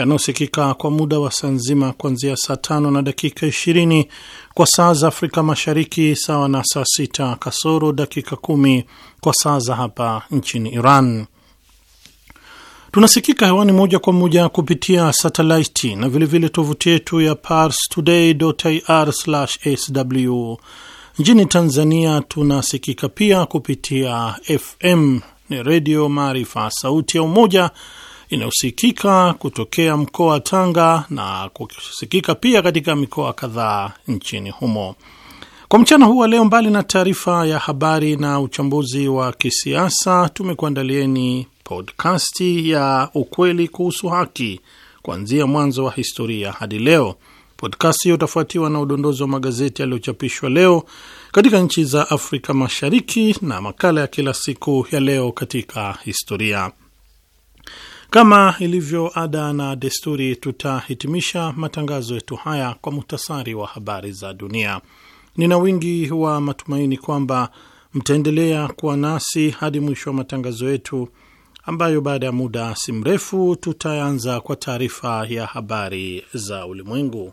yanayosikika kwa muda wa saa nzima kuanzia saa tano na dakika ishirini kwa saa za Afrika Mashariki, sawa na saa sita kasoro dakika kumi kwa saa za hapa nchini Iran. Tunasikika hewani moja kwa moja kupitia satelaiti na vilevile tovuti yetu ya parstoday.ir/sw. Nchini Tanzania tunasikika pia kupitia FM ni Redio Maarifa, sauti ya Umoja inayosikika kutokea mkoa wa Tanga na kusikika pia katika mikoa kadhaa nchini humo. Kwa mchana huu wa leo, mbali na taarifa ya habari na uchambuzi wa kisiasa, tumekuandalieni podkasti ya ukweli kuhusu haki, kuanzia mwanzo wa historia hadi leo. Podkasti hiyo utafuatiwa na udondozi wa magazeti yaliyochapishwa leo katika nchi za Afrika Mashariki na makala ya kila siku ya leo katika historia. Kama ilivyo ada na desturi, tutahitimisha matangazo yetu haya kwa muhtasari wa habari za dunia. Nina wingi wa matumaini kwamba mtaendelea kuwa nasi hadi mwisho wa matangazo yetu, ambayo baada ya muda si mrefu tutaanza kwa taarifa ya habari za ulimwengu.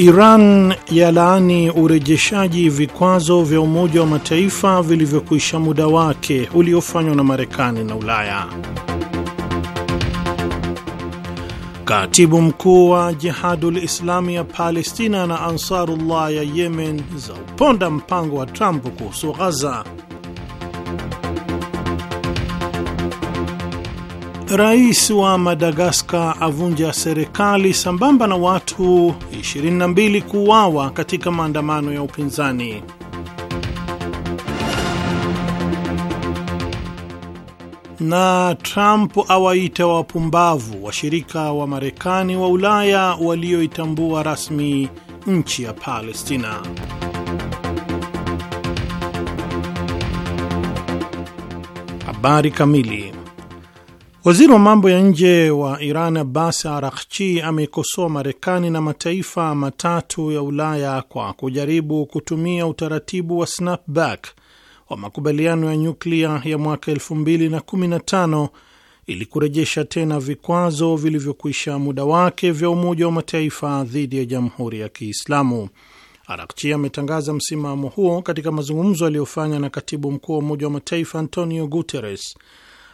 Iran yalaani urejeshaji vikwazo vya Umoja wa Mataifa vilivyokwisha muda wake uliofanywa na Marekani na Ulaya. Katibu mkuu wa Jihadul Islami ya Palestina na Ansarullah ya Yemen za uponda mpango wa Trump kuhusu Ghaza. Rais wa Madagaskar avunja serikali sambamba na watu 22 kuuawa katika maandamano ya upinzani. Na Trump awaita wapumbavu washirika wa Marekani wa Ulaya walioitambua rasmi nchi ya Palestina. Habari kamili Waziri wa mambo ya nje wa Iran Abbas arakchi ameikosoa Marekani na mataifa matatu ya Ulaya kwa kujaribu kutumia utaratibu wa snapback wa makubaliano ya nyuklia ya mwaka 2015 ili kurejesha tena vikwazo vilivyokwisha muda wake vya Umoja wa Mataifa dhidi ya Jamhuri ya Kiislamu. Arakchi ametangaza msimamo huo katika mazungumzo aliyofanya na katibu mkuu wa Umoja wa Mataifa Antonio Guterres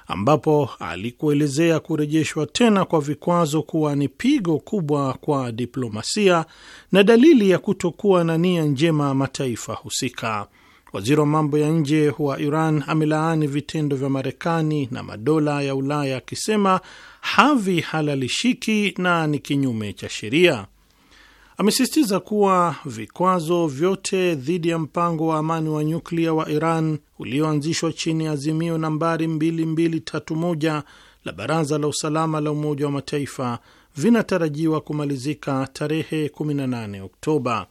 ambapo alikuelezea kurejeshwa tena kwa vikwazo kuwa ni pigo kubwa kwa diplomasia na dalili ya kutokuwa na nia njema mataifa husika. Waziri wa mambo ya nje wa Iran amelaani vitendo vya Marekani na madola ya Ulaya akisema havihalalishiki na ni kinyume cha sheria. Amesisitiza kuwa vikwazo vyote dhidi ya mpango wa amani wa nyuklia wa Iran ulioanzishwa chini ya azimio nambari 2231 la Baraza la Usalama la Umoja wa Mataifa vinatarajiwa kumalizika tarehe 18 Oktoba.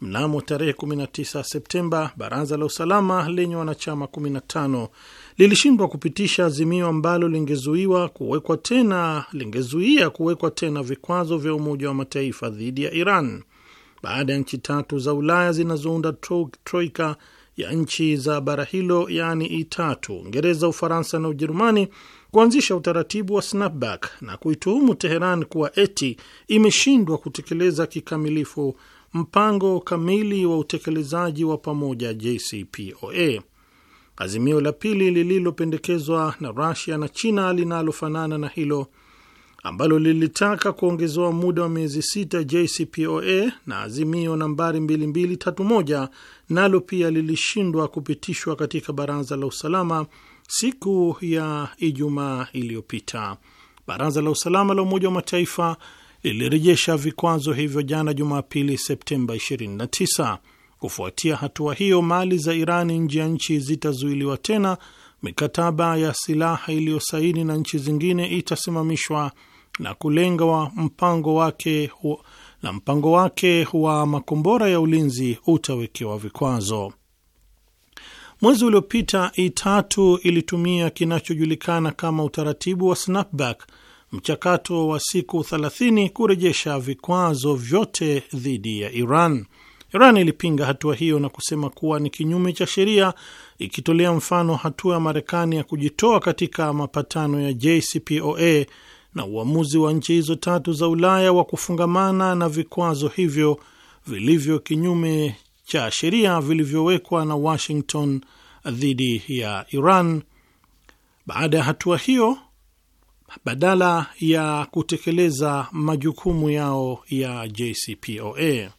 Mnamo tarehe 19 Septemba, Baraza la Usalama lenye wanachama 15 lilishindwa kupitisha azimio ambalo lingezuiwa kuwekwa tena lingezuia kuwekwa tena vikwazo vya Umoja wa Mataifa dhidi ya Iran baada ya nchi tatu za Ulaya zinazounda troika ya nchi za bara hilo yaani itatu e Uingereza, Ufaransa na Ujerumani kuanzisha utaratibu wa snapback na kuituhumu Teheran kuwa eti imeshindwa kutekeleza kikamilifu mpango kamili wa utekelezaji wa pamoja JCPOA. Azimio la pili lililopendekezwa na rusia na China linalofanana na hilo ambalo lilitaka kuongezewa muda wa miezi sita JCPOA na azimio nambari 2231 nalo pia lilishindwa kupitishwa katika Baraza la Usalama siku ya Ijumaa iliyopita. Baraza la Usalama la Umoja wa Mataifa lilirejesha vikwazo hivyo jana Jumapili, Septemba 29. Kufuatia hatua hiyo, mali za Irani nje ya nchi zitazuiliwa tena, mikataba ya silaha iliyosaini na nchi zingine itasimamishwa na kulenga wa mpango wake hu, na mpango wake wa makombora ya ulinzi utawekewa vikwazo. Mwezi uliopita itatu ilitumia kinachojulikana kama utaratibu wa snapback, mchakato wa siku 30 kurejesha vikwazo vyote dhidi ya Iran. Iran ilipinga hatua hiyo na kusema kuwa ni kinyume cha sheria, ikitolea mfano hatua ya Marekani ya kujitoa katika mapatano ya JCPOA na uamuzi wa nchi hizo tatu za Ulaya wa kufungamana na vikwazo hivyo vilivyo kinyume cha sheria vilivyowekwa na Washington dhidi ya Iran. Baada ya hatua hiyo, badala ya kutekeleza majukumu yao ya JCPOA,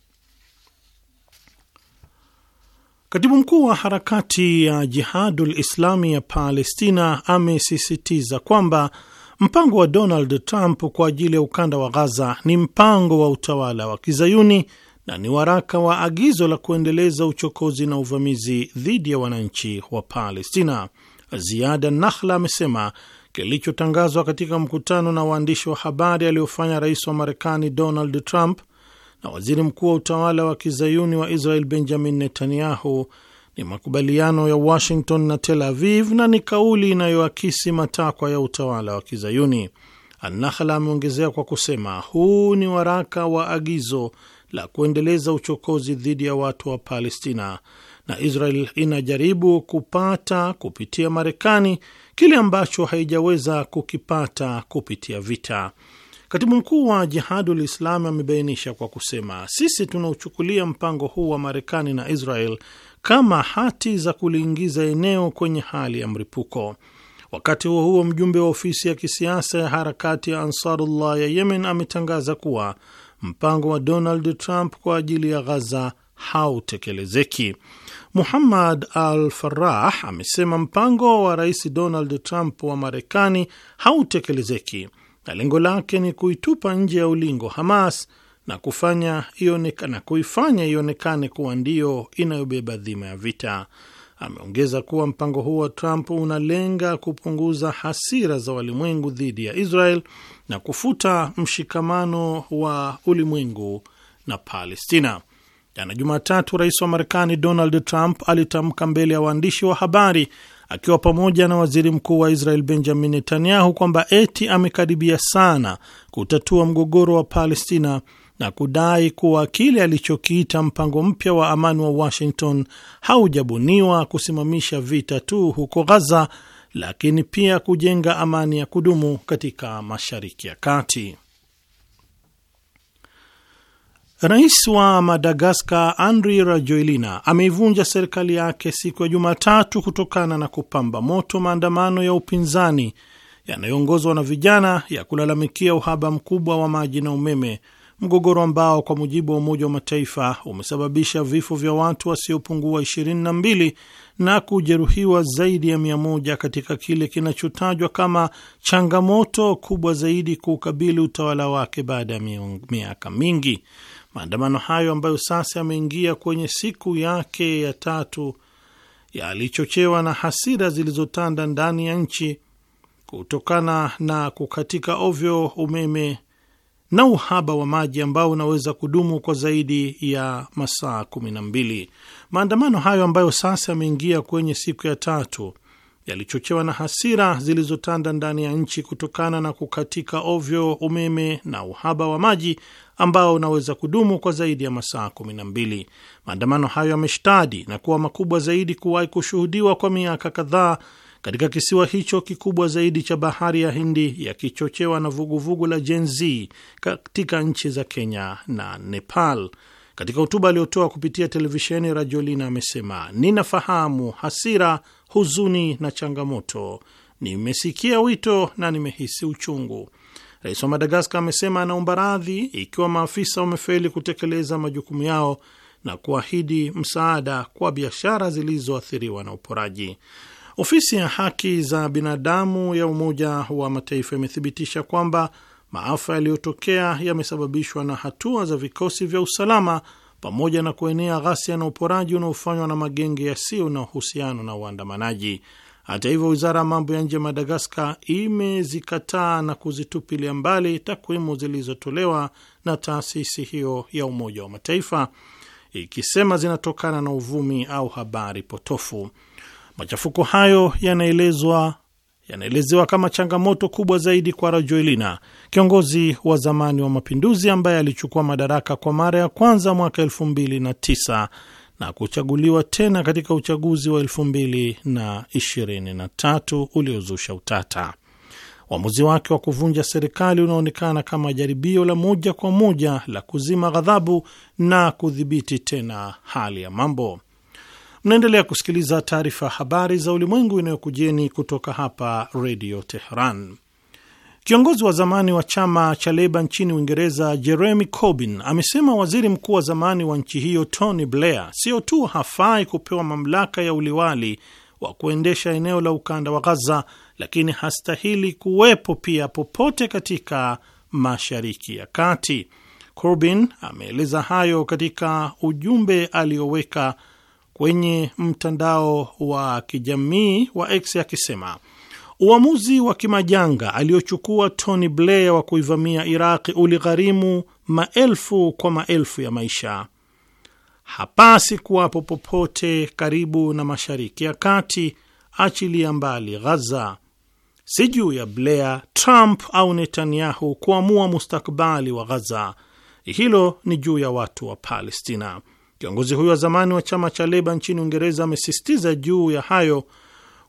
Katibu mkuu wa harakati ya Jihadul Islami ya Palestina amesisitiza kwamba mpango wa Donald Trump kwa ajili ya ukanda wa Ghaza ni mpango wa utawala wa kizayuni na ni waraka wa agizo la kuendeleza uchokozi na uvamizi dhidi ya wananchi wa Palestina. Ziada Nahla amesema kilichotangazwa katika mkutano na waandishi wa habari aliyofanya rais wa Marekani Donald Trump na waziri mkuu wa utawala wa kizayuni wa Israel Benjamin Netanyahu ni makubaliano ya Washington na Tel Aviv na ni kauli inayoakisi matakwa ya utawala wa kizayuni. Anahala ameongezea kwa kusema huu ni waraka wa agizo la kuendeleza uchokozi dhidi ya watu wa Palestina, na Israel inajaribu kupata kupitia Marekani kile ambacho haijaweza kukipata kupitia vita. Katibu mkuu wa Jihadul Islami amebainisha kwa kusema, sisi tunauchukulia mpango huu wa Marekani na Israel kama hati za kuliingiza eneo kwenye hali ya mripuko. Wakati huo huo, mjumbe wa ofisi ya kisiasa ya harakati ya Ansarullah ya Yemen ametangaza kuwa mpango wa Donald Trump kwa ajili ya Ghaza hautekelezeki. Muhammad Al-Farah amesema mpango wa Rais Donald Trump wa Marekani hautekelezeki na lengo lake ni kuitupa nje ya ulingo Hamas na kufanya kuifanya ionekane kuwa ndiyo inayobeba dhima ya vita. Ameongeza kuwa mpango huo wa Trump unalenga kupunguza hasira za walimwengu dhidi ya Israel na kufuta mshikamano wa ulimwengu na Palestina. Jana Jumatatu, rais wa Marekani Donald Trump alitamka mbele ya waandishi wa habari akiwa pamoja na waziri mkuu wa Israel Benjamin Netanyahu kwamba eti amekaribia sana kutatua mgogoro wa Palestina na kudai kuwa kile alichokiita mpango mpya wa amani wa Washington haujabuniwa kusimamisha vita tu huko Gaza, lakini pia kujenga amani ya kudumu katika Mashariki ya Kati. Rais wa Madagaskar Andry Rajoelina ameivunja serikali yake siku ya Jumatatu kutokana na kupamba moto maandamano ya upinzani yanayoongozwa na vijana ya kulalamikia uhaba mkubwa wa maji na umeme, mgogoro ambao kwa mujibu wa Umoja wa Mataifa umesababisha vifo vya watu wasiopungua 22 na kujeruhiwa zaidi ya 1 katika kile kinachotajwa kama changamoto kubwa zaidi kuukabili utawala wake baada ya miaka mingi. Maandamano hayo ambayo sasa yameingia kwenye siku yake ya tatu yalichochewa na hasira zilizotanda ndani ya nchi kutokana na kukatika ovyo umeme na uhaba wa maji ambao unaweza kudumu kwa zaidi ya masaa kumi na mbili. Maandamano hayo ambayo sasa yameingia kwenye siku ya tatu yalichochewa na hasira zilizotanda ndani ya nchi kutokana na kukatika ovyo umeme na uhaba wa maji ambao unaweza kudumu kwa zaidi ya masaa kumi na mbili. Maandamano hayo yameshtadi na kuwa makubwa zaidi kuwahi kushuhudiwa kwa miaka kadhaa katika kisiwa hicho kikubwa zaidi cha bahari ya Hindi, yakichochewa na vuguvugu la Gen Z katika nchi za Kenya na Nepal. Katika hotuba aliyotoa kupitia televisheni, Rajolina amesema, ninafahamu hasira huzuni na changamoto, nimesikia wito na nimehisi uchungu. Rais wa Madagaskar amesema anaomba radhi ikiwa maafisa wamefeli kutekeleza majukumu yao na kuahidi msaada kwa biashara zilizoathiriwa na uporaji. Ofisi ya haki za binadamu ya Umoja wa Mataifa imethibitisha kwamba maafa yaliyotokea yamesababishwa na hatua za vikosi vya usalama pamoja na kuenea ghasia na uporaji unaofanywa na magenge yasiyo na uhusiano na uandamanaji Hata hivyo, wizara ya mambo ya nje ya Madagaskar imezikataa na kuzitupilia mbali takwimu zilizotolewa na taasisi hiyo ya Umoja wa Mataifa ikisema zinatokana na uvumi au habari potofu. Machafuko hayo yanaelezwa yanaelezewa kama changamoto kubwa zaidi kwa Rajoelina, kiongozi wa zamani wa mapinduzi ambaye alichukua madaraka kwa mara ya kwanza mwaka elfu mbili na tisa na kuchaguliwa tena katika uchaguzi wa elfu mbili na ishirini na tatu uliozusha utata. Uamuzi wake wa kuvunja serikali unaonekana kama jaribio la moja kwa moja la kuzima ghadhabu na kudhibiti tena hali ya mambo. Mnaendelea kusikiliza taarifa ya habari za ulimwengu inayokujeni kutoka hapa redio Teheran. Kiongozi wa zamani wa chama cha Leba nchini Uingereza, Jeremy Corbyn, amesema waziri mkuu wa zamani wa nchi hiyo Tony Blair sio tu hafai kupewa mamlaka ya uliwali wa kuendesha eneo la ukanda wa Ghaza, lakini hastahili kuwepo pia popote katika Mashariki ya Kati. Corbyn ameeleza hayo katika ujumbe aliyoweka kwenye mtandao wa kijamii wa X akisema uamuzi wa kimajanga aliochukua Tony Blair wa kuivamia Iraqi uligharimu maelfu kwa maelfu ya maisha. Hapasi kuwapo popote karibu na Mashariki ya Kati, achilia mbali Ghaza. Si juu ya Blair, Trump au Netanyahu kuamua mustakbali wa Ghaza, hilo ni juu ya watu wa Palestina. Kiongozi huyo wa zamani wa chama cha Leba nchini Uingereza amesisitiza juu ya hayo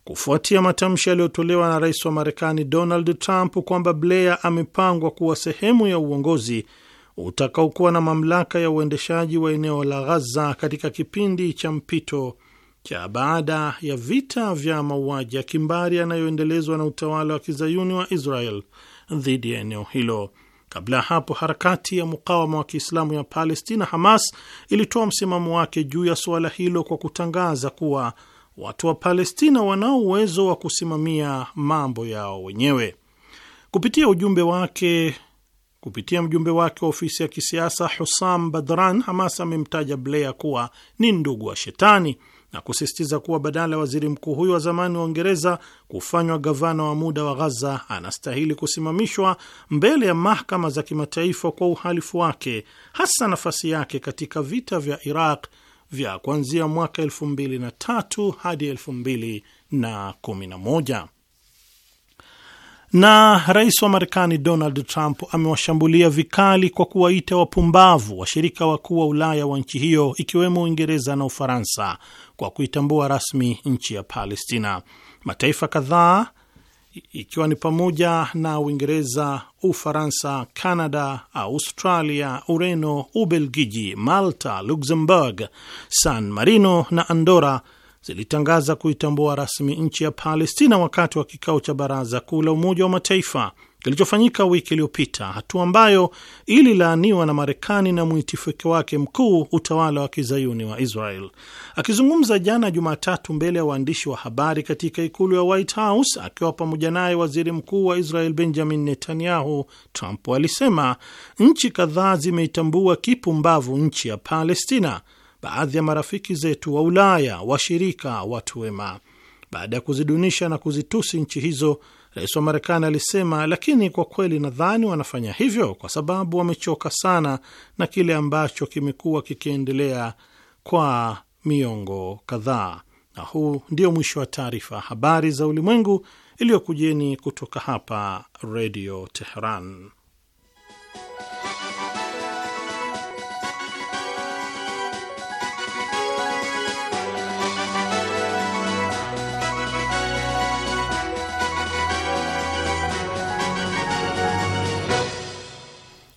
kufuatia matamshi yaliyotolewa na rais wa Marekani Donald Trump kwamba Blair amepangwa kuwa sehemu ya uongozi utakaokuwa na mamlaka ya uendeshaji wa eneo la Ghaza katika kipindi cha mpito cha baada ya vita vya mauaji ya kimbari yanayoendelezwa na utawala wa kizayuni wa Israel dhidi ya eneo hilo. Kabla ya hapo, harakati ya mukawama wa Kiislamu ya Palestina, Hamas, ilitoa msimamo wake juu ya suala hilo kwa kutangaza kuwa watu wa Palestina wanao uwezo wa kusimamia mambo yao wenyewe kupitia ujumbe wake Kupitia mjumbe wake wa ofisi ya kisiasa Husam Badran, Hamas amemtaja Blair kuwa ni ndugu wa shetani na kusisitiza kuwa badala ya waziri mkuu huyo wa zamani wa Uingereza kufanywa gavana wa muda wa Ghaza, anastahili kusimamishwa mbele ya mahakama za kimataifa kwa uhalifu wake, hasa nafasi yake katika vita vya Iraq vya kuanzia mwaka 2003 hadi 2011. Na rais wa Marekani Donald Trump amewashambulia vikali kwa kuwaita wapumbavu washirika wakuu wa Ulaya wa nchi hiyo ikiwemo Uingereza na Ufaransa kwa kuitambua rasmi nchi ya Palestina. Mataifa kadhaa ikiwa ni pamoja na Uingereza, Ufaransa, canada Australia, Ureno, Ubelgiji, Malta, Luxembourg, San Marino na Andora zilitangaza kuitambua rasmi nchi ya Palestina wakati wa kikao cha Baraza Kuu la Umoja wa Mataifa kilichofanyika wiki iliyopita, hatua ambayo ililaaniwa na Marekani na mwitifiki wake mkuu, utawala wa kizayuni wa Israel. Akizungumza jana Jumatatu mbele ya waandishi wa habari katika ikulu ya White House akiwa pamoja naye waziri mkuu wa Israel Benjamin Netanyahu, Trump alisema nchi kadhaa zimeitambua kipumbavu nchi ya Palestina, baadhi ya marafiki zetu wa Ulaya, washirika, watu wema baada ya kuzidunisha na kuzitusi nchi hizo, rais wa Marekani alisema, lakini kwa kweli nadhani wanafanya hivyo kwa sababu wamechoka sana na kile ambacho kimekuwa kikiendelea kwa miongo kadhaa. Na huu ndio mwisho wa taarifa habari za ulimwengu iliyokujeni kutoka hapa Redio Teheran.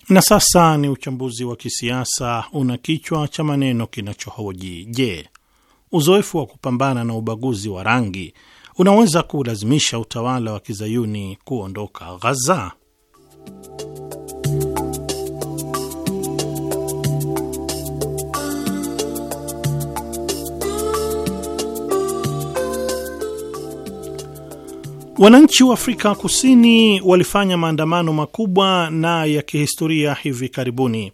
Na sasa ni uchambuzi wa kisiasa una kichwa cha maneno kinachohoji: Je, uzoefu wa kupambana na ubaguzi wa rangi unaweza kuulazimisha utawala wa kizayuni kuondoka Ghaza? Wananchi wa Afrika Kusini walifanya maandamano makubwa na ya kihistoria hivi karibuni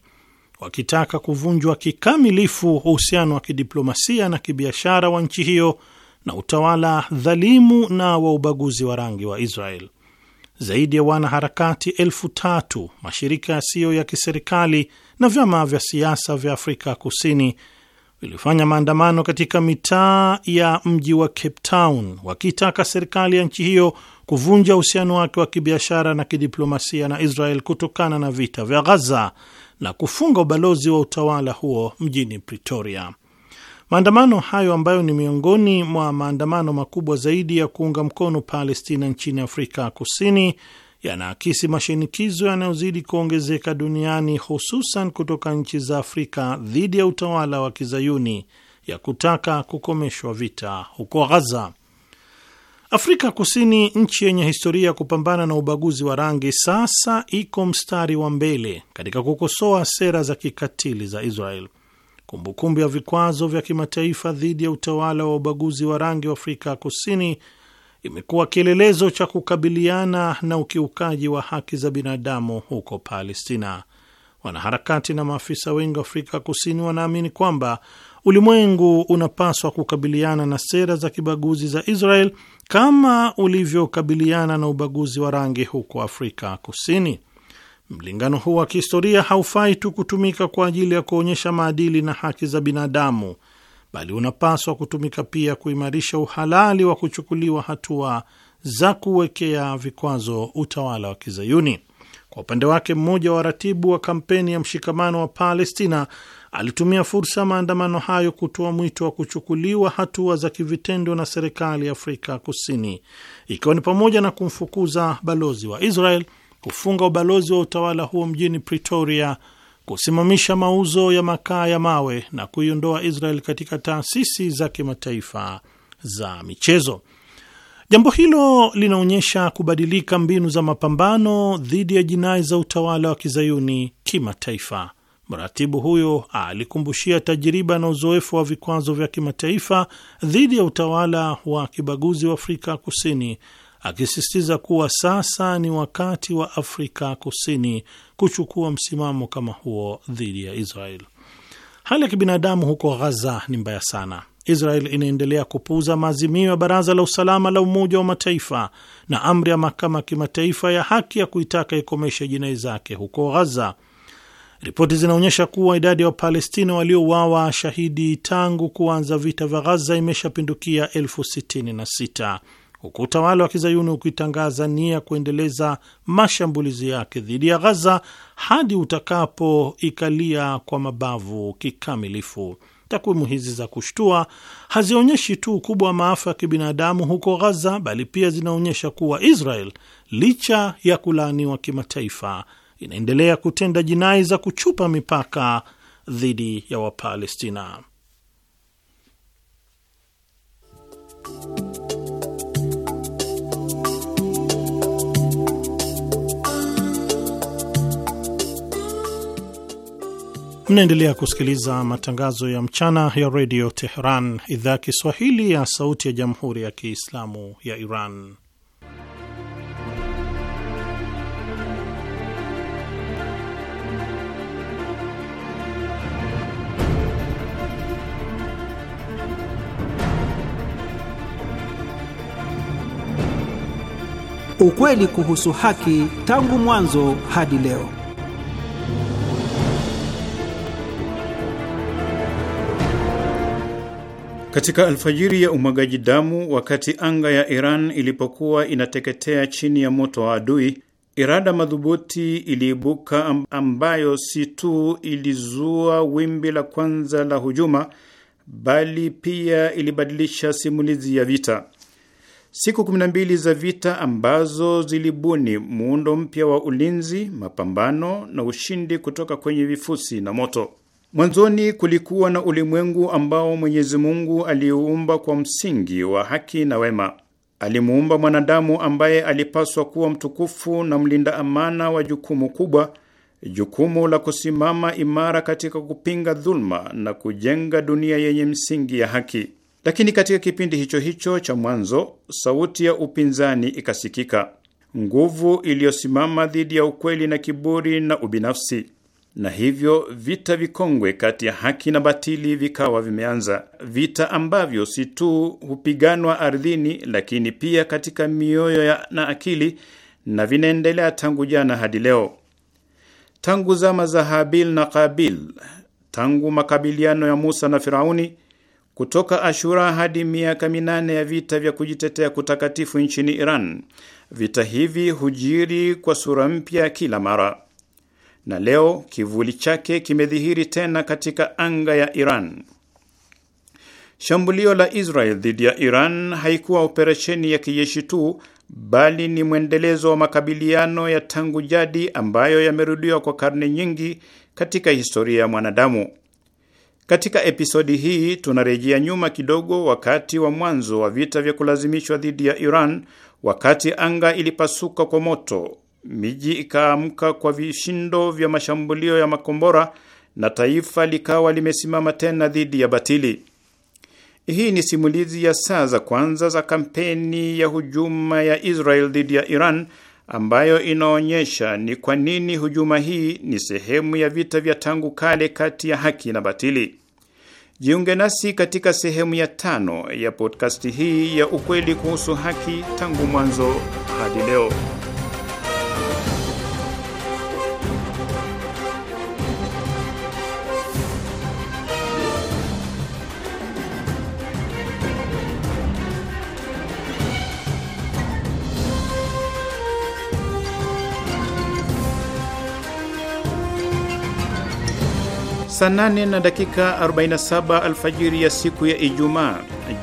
wakitaka kuvunjwa kikamilifu uhusiano wa kidiplomasia na kibiashara wa nchi hiyo na utawala dhalimu na wa ubaguzi wa rangi wa Israel. Zaidi ya wanaharakati elfu tatu, mashirika yasiyo ya kiserikali na vyama vya siasa vya Afrika Kusini vilifanya maandamano katika mitaa ya mji wa Cape Town wakitaka serikali ya nchi hiyo kuvunja uhusiano wake wa kibiashara na kidiplomasia na Israel kutokana na vita vya Ghaza na kufunga ubalozi wa utawala huo mjini Pretoria. Maandamano hayo ambayo ni miongoni mwa maandamano makubwa zaidi ya kuunga mkono Palestina nchini Afrika Kusini yanaakisi mashinikizo yanayozidi kuongezeka duniani, hususan kutoka nchi za Afrika dhidi ya utawala wa kizayuni ya kutaka kukomeshwa vita huko Ghaza. Afrika Kusini, nchi yenye historia ya kupambana na ubaguzi wa rangi, sasa iko mstari wa mbele katika kukosoa sera za kikatili za Israel. Kumbukumbu ya vikwazo vya kimataifa dhidi ya utawala wa ubaguzi wa rangi wa Afrika Kusini imekuwa kielelezo cha kukabiliana na ukiukaji wa haki za binadamu huko Palestina. Wanaharakati na maafisa wengi wa Afrika Kusini wanaamini kwamba ulimwengu unapaswa kukabiliana na sera za kibaguzi za Israel kama ulivyokabiliana na ubaguzi wa rangi huko Afrika Kusini. Mlingano huu wa kihistoria haufai tu kutumika kwa ajili ya kuonyesha maadili na haki za binadamu, bali unapaswa kutumika pia kuimarisha uhalali wa kuchukuliwa hatua za kuwekea vikwazo utawala wa Kizayuni. Kwa upande wake, mmoja wa ratibu wa kampeni ya mshikamano wa Palestina alitumia fursa ya maandamano hayo kutoa mwito wa kuchukuliwa hatua za kivitendo na serikali ya Afrika Kusini, ikiwa ni pamoja na kumfukuza balozi wa Israel, kufunga ubalozi wa utawala huo mjini Pretoria kusimamisha mauzo ya makaa ya mawe na kuiondoa Israel katika taasisi za kimataifa za michezo. Jambo hilo linaonyesha kubadilika mbinu za mapambano dhidi ya jinai za utawala wa kizayuni kimataifa. Mratibu huyo alikumbushia tajiriba na uzoefu wa vikwazo vya kimataifa dhidi ya utawala wa kibaguzi wa Afrika Kusini akisisitiza kuwa sasa ni wakati wa Afrika Kusini kuchukua msimamo kama huo dhidi ya Israel. Hali ya kibinadamu huko Ghaza ni mbaya sana. Israel inaendelea kupuuza maazimio ya Baraza la Usalama la Umoja wa Mataifa na amri ya Mahakama ya Kimataifa ya Haki ya kuitaka ikomeshe jinai zake huko Ghaza. Ripoti zinaonyesha kuwa idadi ya Wapalestina waliouawa shahidi tangu kuanza vita vya Ghaza imeshapindukia elfu sitini na sita huku utawala wa kizayuni ukitangaza nia kuendeleza mashambulizi yake dhidi ya Ghaza hadi utakapoikalia kwa mabavu kikamilifu. Takwimu hizi za kushtua hazionyeshi tu ukubwa wa maafa ya kibinadamu huko Ghaza, bali pia zinaonyesha kuwa Israel licha ya kulaaniwa kimataifa inaendelea kutenda jinai za kuchupa mipaka dhidi ya Wapalestina. Mnaendelea kusikiliza matangazo ya mchana ya redio Teheran, idhaa ya Kiswahili ya sauti ya jamhuri ya kiislamu ya Iran. Ukweli kuhusu haki, tangu mwanzo hadi leo. Katika alfajiri ya umwagaji damu, wakati anga ya Iran ilipokuwa inateketea chini ya moto wa adui, irada madhubuti iliibuka, ambayo si tu ilizua wimbi la kwanza la hujuma, bali pia ilibadilisha simulizi ya vita. Siku 12 za vita ambazo zilibuni muundo mpya wa ulinzi, mapambano na ushindi kutoka kwenye vifusi na moto. Mwanzoni kulikuwa na ulimwengu ambao Mwenyezi Mungu aliuumba kwa msingi wa haki na wema. Alimuumba mwanadamu ambaye alipaswa kuwa mtukufu na mlinda amana wa jukumu kubwa, jukumu la kusimama imara katika kupinga dhuluma na kujenga dunia yenye msingi ya haki. Lakini katika kipindi hicho hicho cha mwanzo, sauti ya upinzani ikasikika, nguvu iliyosimama dhidi ya ukweli na kiburi na ubinafsi na hivyo vita vikongwe kati ya haki na batili vikawa vimeanza, vita ambavyo si tu hupiganwa ardhini, lakini pia katika mioyo na akili, na vinaendelea tangu jana hadi leo, tangu zama za Habil na Kabil, tangu makabiliano ya Musa na Firauni, kutoka Ashura hadi miaka minane ya vita vya kujitetea kutakatifu nchini Iran. Vita hivi hujiri kwa sura mpya kila mara na leo kivuli chake kimedhihiri tena katika anga ya Iran. Shambulio la Israel dhidi ya Iran haikuwa operesheni ya kijeshi tu, bali ni mwendelezo wa makabiliano ya tangu jadi ambayo yamerudiwa kwa karne nyingi katika historia ya mwanadamu. Katika episodi hii tunarejea nyuma kidogo, wakati wa mwanzo wa vita vya kulazimishwa dhidi ya Iran, wakati anga ilipasuka kwa moto miji ikaamka kwa vishindo vya mashambulio ya makombora na taifa likawa limesimama tena dhidi ya batili. Hii ni simulizi ya saa za kwanza za kampeni ya hujuma ya Israel dhidi ya Iran ambayo inaonyesha ni kwa nini hujuma hii ni sehemu ya vita vya tangu kale kati ya haki na batili. Jiunge nasi katika sehemu ya tano ya podkasti hii ya ukweli kuhusu haki, tangu mwanzo hadi leo. Saa 8 na dakika 47 alfajiri ya siku ya Ijumaa,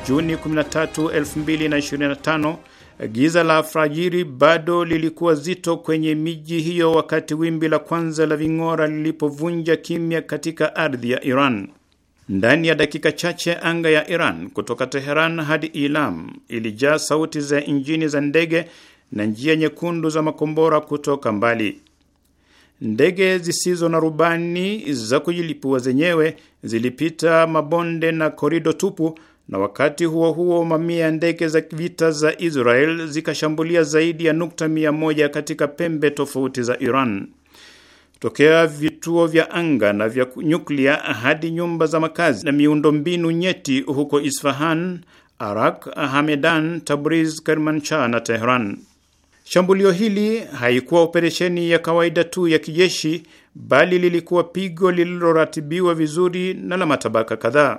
Juni 13, 2025, giza la alfajiri bado lilikuwa zito kwenye miji hiyo wakati wimbi la kwanza la ving'ora lilipovunja kimya katika ardhi ya Iran. Ndani ya dakika chache anga ya Iran kutoka Teheran hadi Ilam ilijaa sauti za injini za ndege na njia nyekundu za makombora kutoka mbali. Ndege zisizo na rubani za kujilipua zenyewe zilipita mabonde na korido tupu, na wakati huo huo mamia ya ndege za vita za Israel zikashambulia zaidi ya nukta mia moja katika pembe tofauti za Iran, tokea vituo vya anga na vya nyuklia hadi nyumba za makazi na miundombinu nyeti huko Isfahan, Arak, Hamedan, Tabriz, Kermanshah na Tehran. Shambulio hili haikuwa operesheni ya kawaida tu ya kijeshi, bali lilikuwa pigo lililoratibiwa vizuri na la matabaka kadhaa.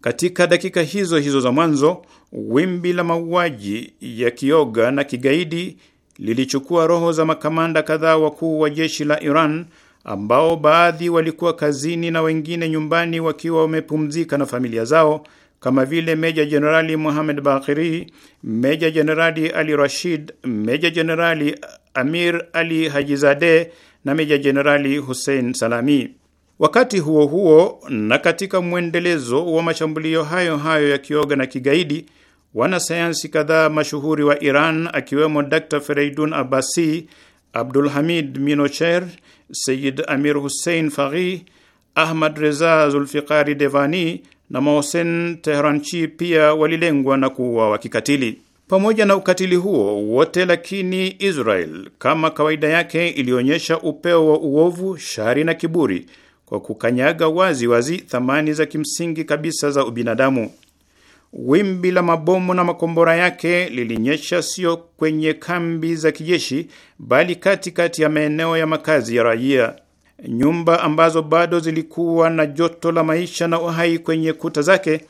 Katika dakika hizo hizo za mwanzo, wimbi la mauaji ya kioga na kigaidi lilichukua roho za makamanda kadhaa wakuu wa jeshi la Iran ambao baadhi walikuwa kazini na wengine nyumbani wakiwa wamepumzika na familia zao kama vile Meja Jenerali Muhamed Bakiri, Meja Jenerali Ali Rashid, Meja Jenerali Amir Ali Hajizade na Meja Jenerali Hussein Salami. Wakati huo huo, na katika mwendelezo wa mashambulio hayo hayo ya kioga na kigaidi, wanasayansi kadhaa mashuhuri wa Iran akiwemo Dr. Fereidun Abbasi, Abdul Hamid Minocher, Sayyid Amir Hussein Faghi, Ahmad Reza Zulfiqari Devani na Mohsen Tehranchi pia walilengwa na kuuawa kikatili. Pamoja na ukatili huo wote, lakini Israel kama kawaida yake ilionyesha upeo wa uovu, shari na kiburi kwa kukanyaga wazi wazi thamani za kimsingi kabisa za ubinadamu. Wimbi la mabomu na makombora yake lilinyesha sio kwenye kambi za kijeshi, bali katikati ya maeneo ya makazi ya raia. Nyumba ambazo bado zilikuwa na joto la maisha na uhai kwenye kuta zake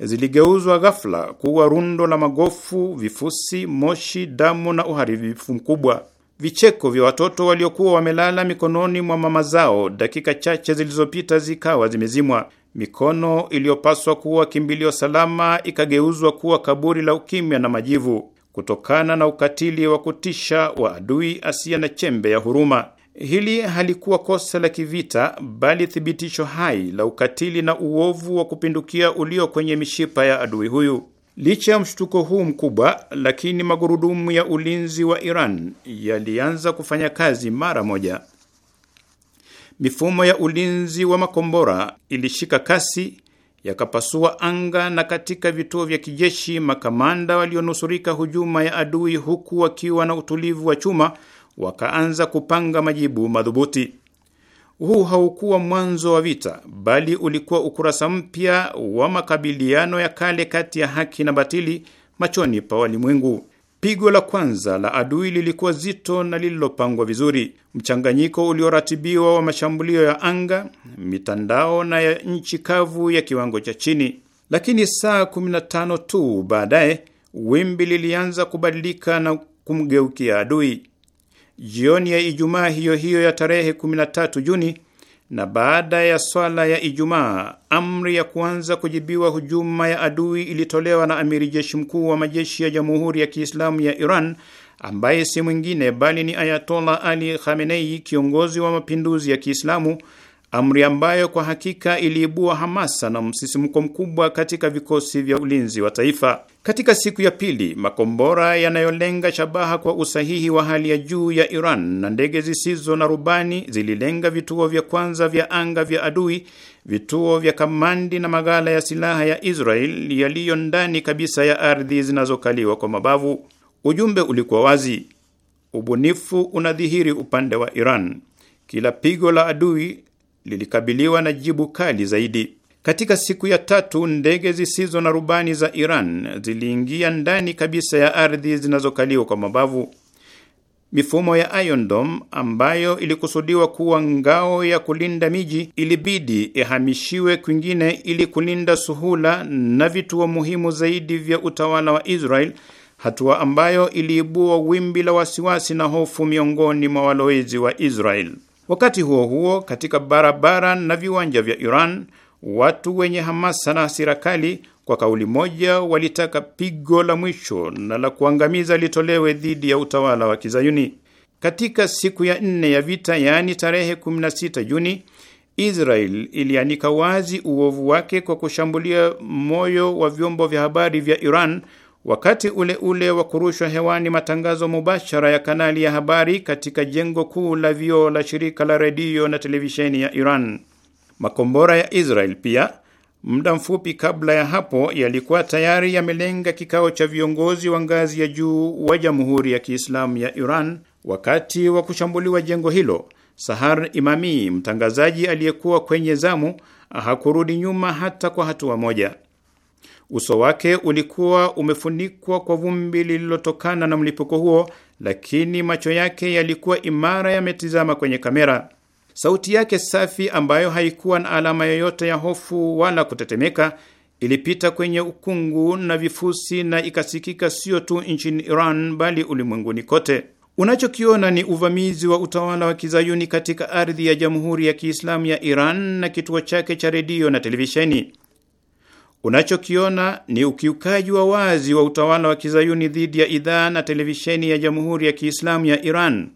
ziligeuzwa ghafla kuwa rundo la magofu, vifusi, moshi, damu na uharibifu mkubwa. Vicheko vya watoto waliokuwa wamelala mikononi mwa mama zao dakika chache zilizopita zikawa zimezimwa. Mikono iliyopaswa kuwa kimbilio salama ikageuzwa kuwa kaburi la ukimya na majivu, kutokana na ukatili wa kutisha wa adui asiye na chembe ya huruma. Hili halikuwa kosa la kivita, bali thibitisho hai la ukatili na uovu wa kupindukia ulio kwenye mishipa ya adui huyu. Licha ya mshtuko huu mkubwa, lakini magurudumu ya ulinzi wa Iran yalianza kufanya kazi mara moja. Mifumo ya ulinzi wa makombora ilishika kasi, yakapasua anga, na katika vituo vya kijeshi makamanda walionusurika hujuma ya adui, huku wakiwa na utulivu wa chuma wakaanza kupanga majibu madhubuti. Huu haukuwa mwanzo wa vita, bali ulikuwa ukurasa mpya wa makabiliano ya kale kati ya haki na batili machoni pa walimwengu. Pigo la kwanza la adui lilikuwa zito na lililopangwa vizuri. Mchanganyiko ulioratibiwa wa mashambulio ya anga, mitandao na ya nchi kavu ya kiwango cha chini. Lakini saa 15 tu baadaye wimbi lilianza kubadilika na kumgeukia adui jioni ya Ijumaa hiyo hiyo ya tarehe 13 Juni, na baada ya swala ya Ijumaa, amri ya kuanza kujibiwa hujuma ya adui ilitolewa na amiri jeshi mkuu wa majeshi ya Jamhuri ya Kiislamu ya Iran ambaye si mwingine bali ni Ayatollah Ali Khamenei, kiongozi wa mapinduzi ya Kiislamu amri ambayo kwa hakika iliibua hamasa na msisimko mkubwa katika vikosi vya ulinzi wa taifa. Katika siku ya pili, makombora yanayolenga shabaha kwa usahihi wa hali ya juu ya Iran na ndege zisizo na rubani zililenga vituo vya kwanza vya anga vya adui, vituo vya kamandi na maghala ya silaha ya Israel yaliyo ndani kabisa ya ardhi zinazokaliwa kwa mabavu. Ujumbe ulikuwa wazi: ubunifu unadhihiri upande wa Iran. Kila pigo la adui lilikabiliwa na jibu kali zaidi. Katika siku ya tatu, ndege zisizo na rubani za Iran ziliingia ndani kabisa ya ardhi zinazokaliwa kwa mabavu. Mifumo ya Iron Dome ambayo ilikusudiwa kuwa ngao ya kulinda miji ilibidi ihamishiwe kwingine ili kulinda suhula na vituo muhimu zaidi vya utawala wa Israel, hatua ambayo iliibua wimbi la wasiwasi na hofu miongoni mwa walowezi wa Israel. Wakati huo huo, katika barabara na viwanja vya Iran, watu wenye hamasa na hasira kali kwa kauli moja walitaka pigo la mwisho na la kuangamiza litolewe dhidi ya utawala wa Kizayuni. Katika siku ya nne ya vita, yaani tarehe 16 Juni, Israel ilianika wazi uovu wake kwa kushambulia moyo wa vyombo vya habari vya Iran Wakati ule ule wa kurushwa hewani matangazo mubashara ya kanali ya habari katika jengo kuu la vioo la shirika la redio na televisheni ya Iran. Makombora ya Israel pia muda mfupi kabla ya hapo yalikuwa tayari yamelenga kikao cha viongozi wa ngazi ya juu wa Jamhuri ya Kiislamu ya Iran wakati wa kushambuliwa jengo hilo. Sahar Imami, mtangazaji aliyekuwa kwenye zamu, hakurudi nyuma hata kwa hatua moja. Uso wake ulikuwa umefunikwa kwa vumbi lililotokana na mlipuko huo, lakini macho yake yalikuwa imara yametizama kwenye kamera. Sauti yake safi ambayo haikuwa na alama yoyote ya hofu wala kutetemeka ilipita kwenye ukungu na vifusi na ikasikika sio tu nchini Iran bali ulimwenguni kote. Unachokiona ni uvamizi wa utawala wa kizayuni katika ardhi ya Jamhuri ya Kiislamu ya Iran na kituo chake cha redio na televisheni. Unachokiona ni ukiukaji wa wazi wa utawala wa kizayuni dhidi ya idhaa na televisheni ya Jamhuri ya Kiislamu ya Iran.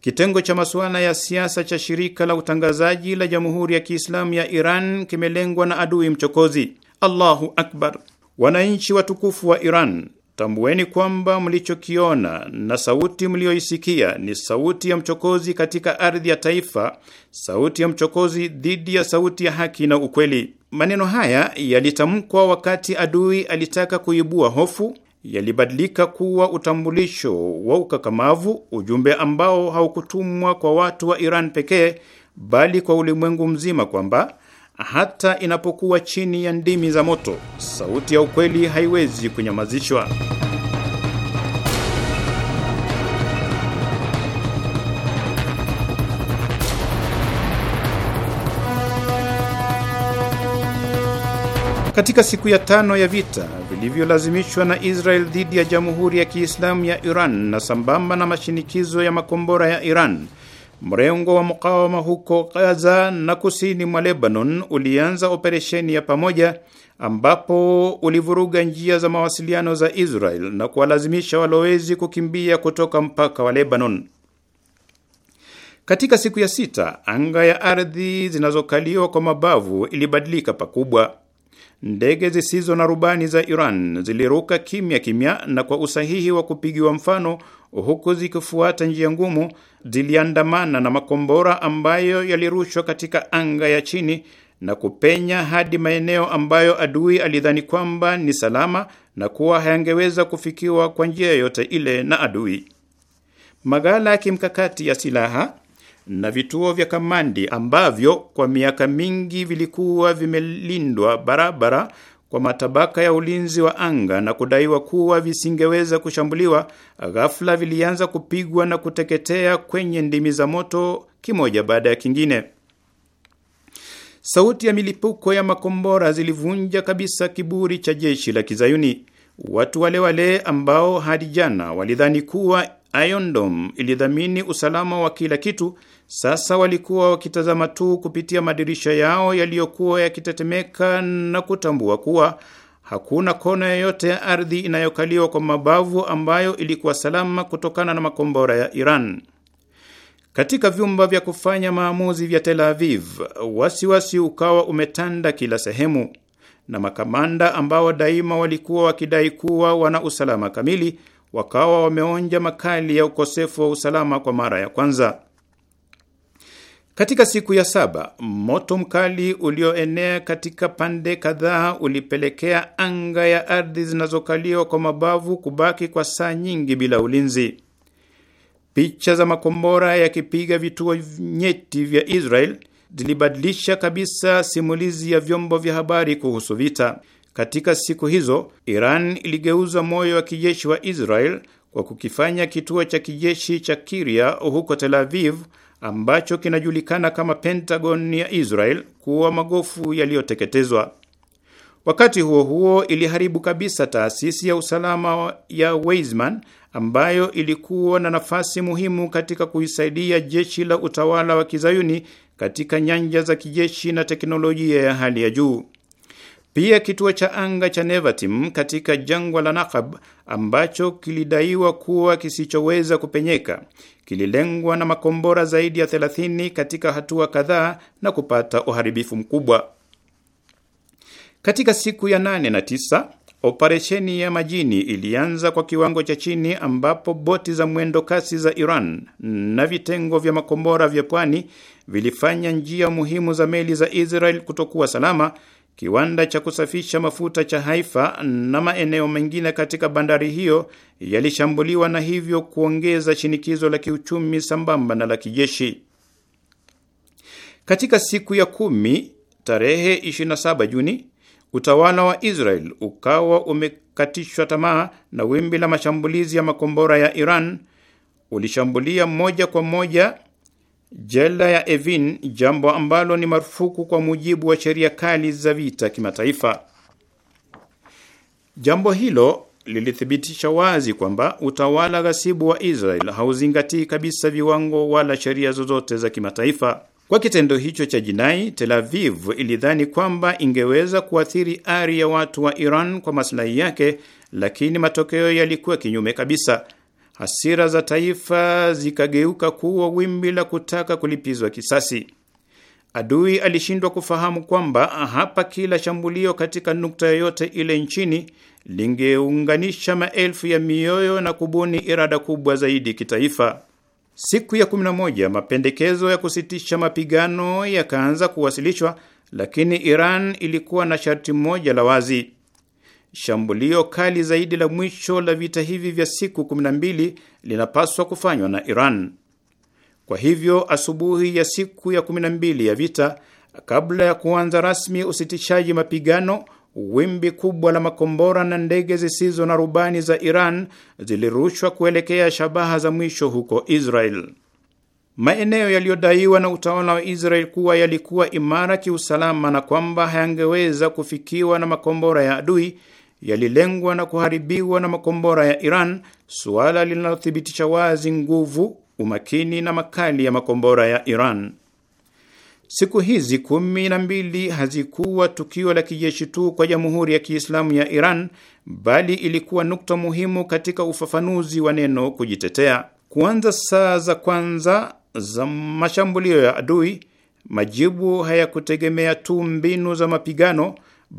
Kitengo cha masuala ya siasa cha shirika la utangazaji la Jamhuri ya Kiislamu ya Iran kimelengwa na adui mchokozi. Allahu akbar! Wananchi watukufu wa Iran Tambueni kwamba mlichokiona na sauti mliyoisikia ni sauti ya mchokozi katika ardhi ya taifa, sauti ya mchokozi dhidi ya sauti ya haki na ukweli. Maneno haya yalitamkwa wakati adui alitaka kuibua hofu, yalibadilika kuwa utambulisho wa ukakamavu, ujumbe ambao haukutumwa kwa watu wa Iran pekee, bali kwa ulimwengu mzima kwamba hata inapokuwa chini ya ndimi za moto. Sauti ya ukweli haiwezi kunyamazishwa. Katika siku ya tano ya vita vilivyolazimishwa na Israel dhidi ya Jamhuri ya Kiislamu ya Iran na sambamba na mashinikizo ya makombora ya Iran, Mrengo wa mukawama huko Gaza na kusini mwa Lebanon ulianza operesheni ya pamoja ambapo ulivuruga njia za mawasiliano za Israel na kuwalazimisha walowezi kukimbia kutoka mpaka wa Lebanon. Katika siku ya sita, anga ya ardhi zinazokaliwa kwa mabavu ilibadilika pakubwa. Ndege zisizo na rubani za Iran ziliruka kimya kimya na kwa usahihi wa kupigiwa mfano huku zikifuata njia ngumu, ziliandamana na makombora ambayo yalirushwa katika anga ya chini na kupenya hadi maeneo ambayo adui alidhani kwamba ni salama na kuwa hayangeweza kufikiwa kwa njia yoyote ile na adui. Maghala ya kimkakati ya silaha na vituo vya kamandi ambavyo kwa miaka mingi vilikuwa vimelindwa barabara kwa matabaka ya ulinzi wa anga na kudaiwa kuwa visingeweza kushambuliwa, ghafla vilianza kupigwa na kuteketea kwenye ndimi za moto, kimoja baada ya kingine. Sauti ya milipuko ya makombora zilivunja kabisa kiburi cha jeshi la Kizayuni. Watu wale wale ambao hadi jana walidhani kuwa Iron Dome ilidhamini usalama wa kila kitu sasa walikuwa wakitazama tu kupitia madirisha yao yaliyokuwa yakitetemeka na kutambua kuwa hakuna kona yoyote ya ardhi inayokaliwa kwa mabavu ambayo ilikuwa salama kutokana na makombora ya Iran. Katika vyumba vya kufanya maamuzi vya Tel Aviv, wasiwasi wasi ukawa umetanda kila sehemu, na makamanda ambao daima walikuwa wakidai kuwa wana usalama kamili wakawa wameonja makali ya ukosefu wa usalama kwa mara ya kwanza. Katika siku ya saba moto mkali ulioenea katika pande kadhaa ulipelekea anga ya ardhi zinazokaliwa kwa mabavu kubaki kwa saa nyingi bila ulinzi. Picha za makombora yakipiga vituo nyeti vya Israel zilibadilisha kabisa simulizi ya vyombo vya habari kuhusu vita. Katika siku hizo, Iran iligeuza moyo wa kijeshi wa Israel kwa kukifanya kituo cha kijeshi cha Kiria huko Tel Aviv ambacho kinajulikana kama Pentagon ya Israel kuwa magofu yaliyoteketezwa. Wakati huo huo, iliharibu kabisa taasisi ya usalama ya Weizmann ambayo ilikuwa na nafasi muhimu katika kuisaidia jeshi la utawala wa Kizayuni katika nyanja za kijeshi na teknolojia ya hali ya juu. Pia kituo cha anga cha Nevatim katika jangwa la Nakab ambacho kilidaiwa kuwa kisichoweza kupenyeka kililengwa na makombora zaidi ya 30 katika hatua kadhaa na kupata uharibifu mkubwa. Katika siku ya nane na tisa operesheni ya majini ilianza kwa kiwango cha chini, ambapo boti za mwendo kasi za Iran na vitengo vya makombora vya pwani vilifanya njia muhimu za meli za Israel kutokuwa salama Kiwanda cha kusafisha mafuta cha Haifa na maeneo mengine katika bandari hiyo yalishambuliwa na hivyo kuongeza shinikizo la kiuchumi sambamba na la kijeshi. Katika siku ya kumi tarehe 27 Juni, utawala wa Israel ukawa umekatishwa tamaa na wimbi la mashambulizi ya makombora ya Iran ulishambulia moja kwa moja jela ya Evin, jambo ambalo ni marufuku kwa mujibu wa sheria kali za vita kimataifa. Jambo hilo lilithibitisha wazi kwamba utawala ghasibu wa Israel hauzingatii kabisa viwango wala sheria zozote za kimataifa. Kwa kitendo hicho cha jinai, Tel Aviv ilidhani kwamba ingeweza kuathiri ari ya watu wa Iran kwa maslahi yake, lakini matokeo yalikuwa kinyume kabisa hasira za taifa zikageuka kuwa wimbi la kutaka kulipizwa kisasi. Adui alishindwa kufahamu kwamba hapa kila shambulio katika nukta yoyote ile nchini lingeunganisha maelfu ya mioyo na kubuni irada kubwa zaidi kitaifa. Siku ya 11 mapendekezo ya kusitisha mapigano yakaanza kuwasilishwa, lakini Iran ilikuwa na sharti moja la wazi: shambulio kali zaidi la mwisho la vita hivi vya siku 12 linapaswa kufanywa na Iran. Kwa hivyo, asubuhi ya siku ya 12 ya vita, kabla ya kuanza rasmi usitishaji mapigano, wimbi kubwa la makombora na ndege zisizo na rubani za Iran zilirushwa kuelekea shabaha za mwisho huko Israel. Maeneo yaliyodaiwa na utawala wa Israel kuwa yalikuwa imara kiusalama na kwamba hayangeweza kufikiwa na makombora ya adui yalilengwa na kuharibiwa na makombora ya Iran, suala linalothibitisha wazi nguvu, umakini na makali ya makombora ya Iran. Siku hizi kumi na mbili hazikuwa tukio la kijeshi tu kwa Jamhuri ya Kiislamu ya Iran, bali ilikuwa nukta muhimu katika ufafanuzi wa neno kujitetea. Kuanza saa za kwanza za mashambulio ya adui, majibu hayakutegemea tu mbinu za mapigano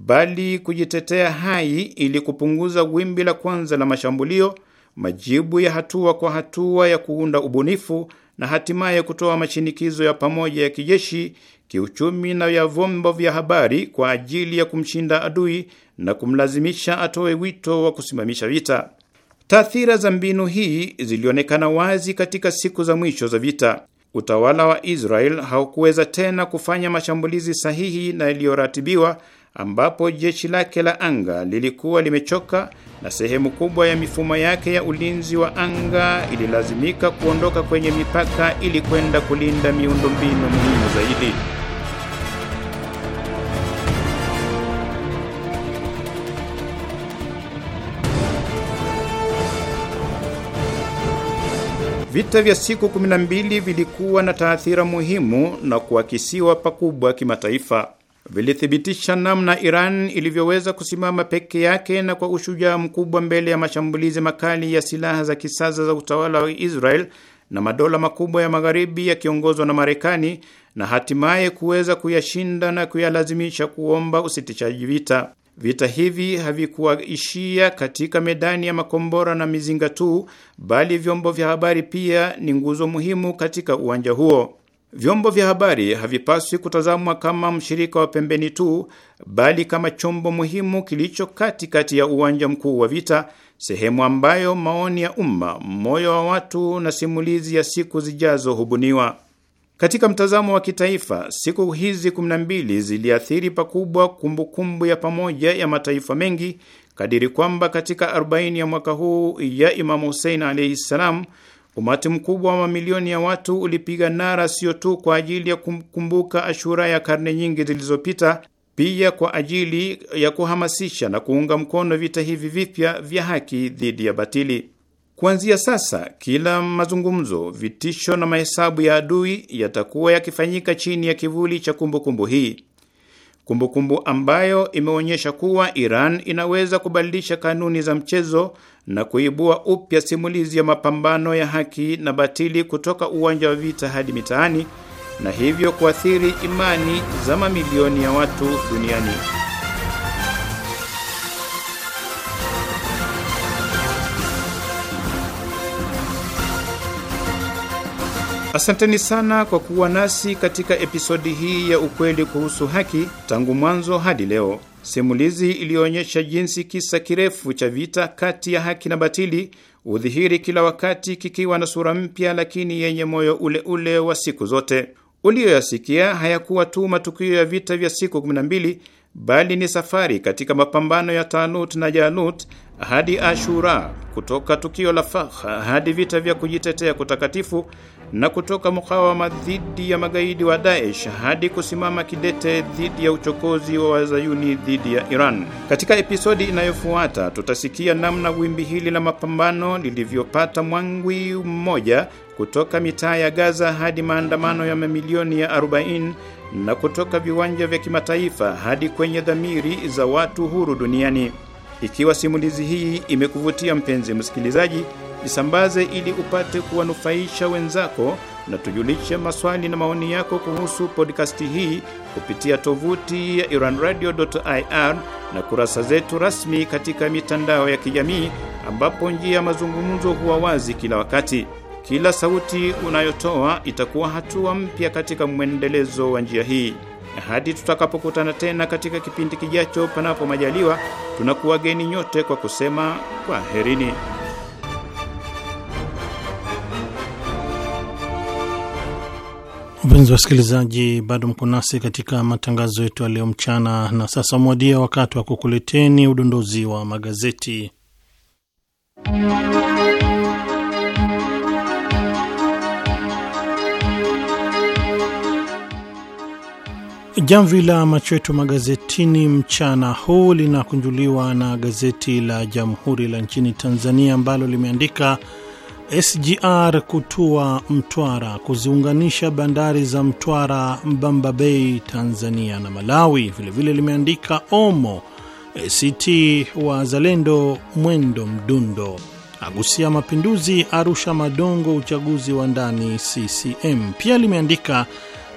bali kujitetea hai ili kupunguza wimbi la kwanza la mashambulio, majibu ya hatua kwa hatua ya kuunda ubunifu na hatimaye kutoa mashinikizo ya pamoja ya kijeshi, kiuchumi na ya vyombo vya habari kwa ajili ya kumshinda adui na kumlazimisha atoe wito wa kusimamisha vita. Taathira za mbinu hii zilionekana wazi katika siku za mwisho za vita. Utawala wa Israel haukuweza tena kufanya mashambulizi sahihi na yaliyoratibiwa ambapo jeshi lake la anga lilikuwa limechoka na sehemu kubwa ya mifumo yake ya ulinzi wa anga ililazimika kuondoka kwenye mipaka ili kwenda kulinda miundombinu muhimu zaidi. Vita vya siku 12 vilikuwa na taathira muhimu na kuakisiwa pakubwa kimataifa vilithibitisha namna Iran ilivyoweza kusimama peke yake na kwa ushujaa mkubwa mbele ya mashambulizi makali ya silaha za kisasa za utawala wa Israel na madola makubwa ya magharibi yakiongozwa na Marekani na hatimaye kuweza kuyashinda na kuyalazimisha kuomba usitishaji vita. Vita hivi havikuwaishia katika medani ya makombora na mizinga tu, bali vyombo vya habari pia ni nguzo muhimu katika uwanja huo. Vyombo vya habari havipaswi kutazamwa kama mshirika wa pembeni tu, bali kama chombo muhimu kilicho katikati ya uwanja mkuu wa vita, sehemu ambayo maoni ya umma, moyo wa watu na simulizi ya siku zijazo hubuniwa. Katika mtazamo wa kitaifa, siku hizi 12 ziliathiri pakubwa kumbukumbu ya pamoja ya mataifa mengi, kadiri kwamba katika 40 ya mwaka huu ya Imamu Husein alaihi ssalam Umati mkubwa wa mamilioni ya watu ulipiga nara sio tu kwa ajili ya kukumbuka Ashura ya karne nyingi zilizopita, pia kwa ajili ya kuhamasisha na kuunga mkono vita hivi vipya vya haki dhidi ya batili. Kuanzia sasa, kila mazungumzo, vitisho na mahesabu ya adui yatakuwa yakifanyika chini ya kivuli cha kumbukumbu hii, kumbukumbu ambayo imeonyesha kuwa Iran inaweza kubadilisha kanuni za mchezo na kuibua upya simulizi ya mapambano ya haki na batili kutoka uwanja wa vita hadi mitaani na hivyo kuathiri imani za mamilioni ya watu duniani. Asanteni sana kwa kuwa nasi katika episodi hii ya ukweli kuhusu haki tangu mwanzo hadi leo. Simulizi iliyoonyesha jinsi kisa kirefu cha vita kati ya haki na batili udhihiri kila wakati kikiwa na sura mpya, lakini yenye moyo ule ule wa siku zote. Uliyoyasikia hayakuwa tu matukio ya vita vya siku 12 bali ni safari katika mapambano ya Talut na Jalut hadi Ashura, kutoka tukio la Fakha hadi vita vya kujitetea kutakatifu, na kutoka mukawama dhidi ya magaidi wa Daesh hadi kusimama kidete dhidi ya uchokozi wa wazayuni dhidi ya Iran. Katika episodi inayofuata tutasikia namna wimbi hili la mapambano lilivyopata mwangwi mmoja kutoka mitaa ya Gaza hadi maandamano ya mamilioni ya na kutoka viwanja vya kimataifa hadi kwenye dhamiri za watu huru duniani. Ikiwa simulizi hii imekuvutia mpenzi msikilizaji, isambaze ili upate kuwanufaisha wenzako, na tujulishe maswali na maoni yako kuhusu podkasti hii kupitia tovuti ya iranradio.ir na kurasa zetu rasmi katika mitandao ya kijamii, ambapo njia ya mazungumzo huwa wazi kila wakati. Kila sauti unayotoa itakuwa hatua mpya katika mwendelezo wa njia hii, na hadi tutakapokutana tena katika kipindi kijacho, panapo majaliwa, geni nyote kwa kusema kwaherini. Wapenzi wasikilizaji, bado mko nasi katika matangazo yetu ya leo mchana, na sasa mwadia wakati wa kukuleteni udondozi wa magazeti Jamvi la macho yetu magazetini mchana huu linakunjuliwa na gazeti la Jamhuri la nchini Tanzania ambalo limeandika SGR kutua Mtwara kuziunganisha bandari za Mtwara, Mbamba Bay, Tanzania na Malawi. Vilevile vile limeandika Omo ACT zalendo mwendo mdundo agusia mapinduzi Arusha, madongo uchaguzi wa ndani CCM. Pia limeandika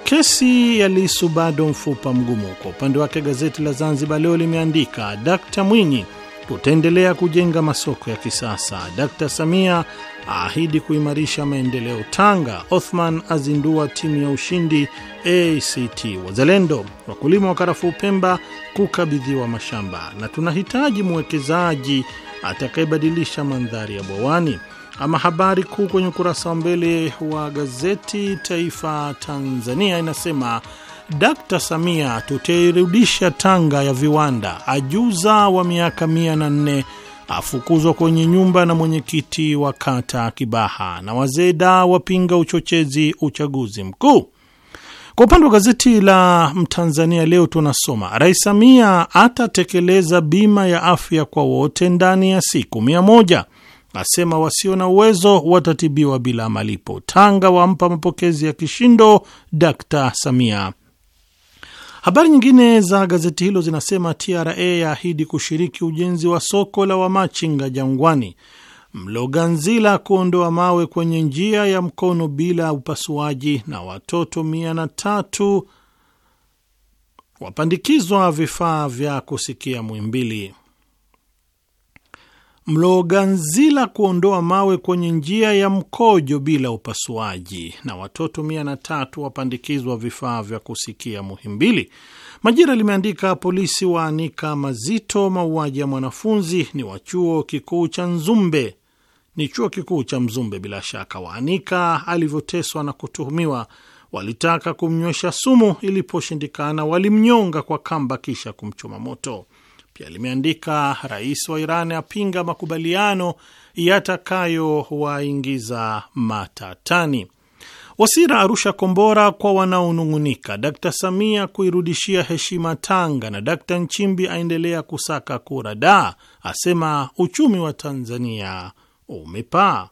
Kesi ya Lisu bado mfupa mgumu. Kwa upande wake, gazeti la Zanzibar Leo limeandika Dkt Mwinyi, tutaendelea kujenga masoko ya kisasa. Dkt Samia aahidi kuimarisha maendeleo Tanga. Othman azindua timu ya ushindi ACT Wazalendo. Wakulima wa karafuu Pemba kukabidhiwa mashamba, na tunahitaji mwekezaji atakayebadilisha mandhari ya Bwawani. Ama habari kuu kwenye ukurasa wa mbele wa gazeti Taifa Tanzania inasema Dkt. Samia, tutairudisha Tanga ya viwanda, ajuza wa miaka mia na nne afukuzwa kwenye nyumba na mwenyekiti wa kata Kibaha, na wazee da wapinga uchochezi uchaguzi mkuu. Kwa upande wa gazeti la Mtanzania leo tunasoma Rais Samia atatekeleza bima ya afya kwa wote ndani ya siku mia moja asema wasio na uwezo watatibiwa bila malipo. Tanga wampa mapokezi ya kishindo d Samia. Habari nyingine za gazeti hilo zinasema TRA yaahidi kushiriki ujenzi wa soko la wamachinga Jangwani. Mloganzila kuondoa mawe kwenye njia ya mkono bila upasuaji, na watoto mia na tatu wapandikizwa vifaa vya kusikia mwimbili mloganzila kuondoa mawe kwenye njia ya mkojo bila upasuaji, na watoto mia na tatu wapandikizwa vifaa vya kusikia Muhimbili. Majira limeandika polisi waanika mazito mauaji ya mwanafunzi ni wa chuo kikuu cha Nzumbe, ni chuo kikuu cha Mzumbe bila shaka, waanika alivyoteswa na kutuhumiwa. Walitaka kumnywesha sumu, iliposhindikana walimnyonga kwa kamba kisha kumchoma moto. Pia limeandika rais wa Iran apinga makubaliano yatakayowaingiza matatani. Wasira arusha kombora kwa wanaonung'unika. Dkt Samia kuirudishia heshima Tanga na Dkt Nchimbi aendelea kusaka kura da asema uchumi wa Tanzania umepaa.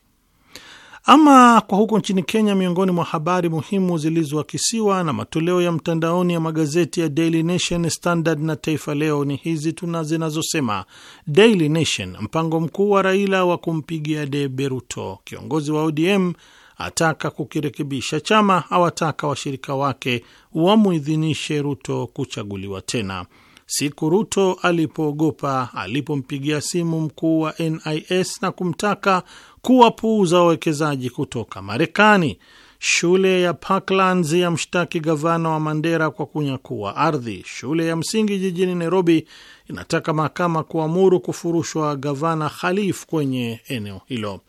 Ama kwa huko nchini Kenya, miongoni mwa habari muhimu zilizoakisiwa na matoleo ya mtandaoni ya magazeti ya Daily Nation, Standard na Taifa Leo ni hizi tuna zinazosema: Daily Nation, mpango mkuu wa Raila wa kumpigia debe Ruto, kiongozi wa ODM ataka kukirekebisha chama, awataka washirika wake wamwidhinishe Ruto kuchaguliwa tena. Siku Ruto alipoogopa alipompigia simu mkuu wa NIS na kumtaka kuwapuuza wawekezaji kutoka Marekani. Shule ya Parklands ya mshtaki gavana wa Mandera kwa kunyakua ardhi. Shule ya msingi jijini Nairobi inataka mahakama kuamuru kufurushwa gavana Khalif kwenye eneo hilo.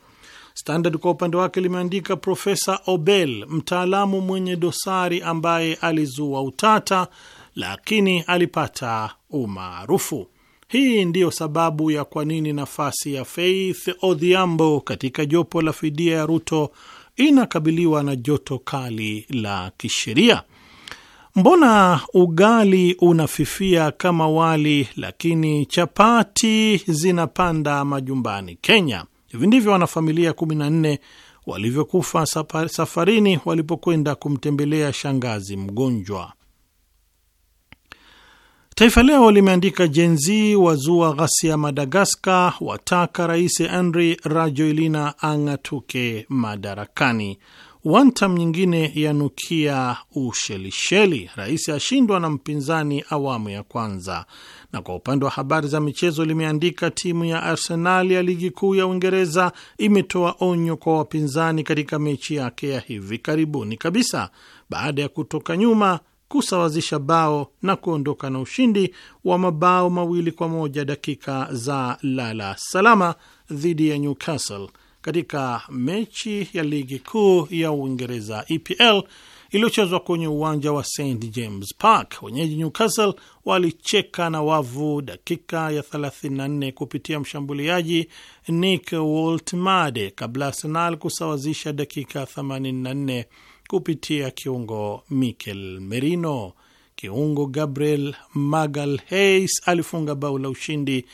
Standard kwa upande wake limeandika Profesa Obel, mtaalamu mwenye dosari ambaye alizua utata lakini alipata umaarufu. Hii ndiyo sababu ya kwa nini nafasi ya Faith Odhiambo katika jopo la fidia ya Ruto inakabiliwa na joto kali la kisheria. Mbona ugali unafifia kama wali, lakini chapati zinapanda majumbani Kenya? Hivi ndivyo wanafamilia 14 walivyokufa safarini walipokwenda kumtembelea shangazi mgonjwa. Taifa Leo limeandika jenzi wazua ghasia Madagaskar, wataka Rais Andry Rajoelina ang'atuke madarakani. Wantam nyingine yanukia Ushelisheli, rais ashindwa na mpinzani awamu ya kwanza. Na kwa upande wa habari za michezo limeandika timu ya Arsenal ya ligi kuu ya Uingereza imetoa onyo kwa wapinzani katika mechi yake ya hivi karibuni kabisa baada ya kutoka nyuma kusawazisha bao na kuondoka na ushindi wa mabao mawili kwa moja dakika za lala salama dhidi ya Newcastle katika mechi ya ligi kuu ya Uingereza EPL iliyochezwa kwenye uwanja wa St James Park. Wenyeji Newcastle walicheka na wavu dakika ya 34 kupitia mshambuliaji Nick Woltemade kabla Arsenal kusawazisha dakika 84 kupitia kiungo Mikel Merino. Kiungo Gabriel Magalhaes alifunga bao la ushindi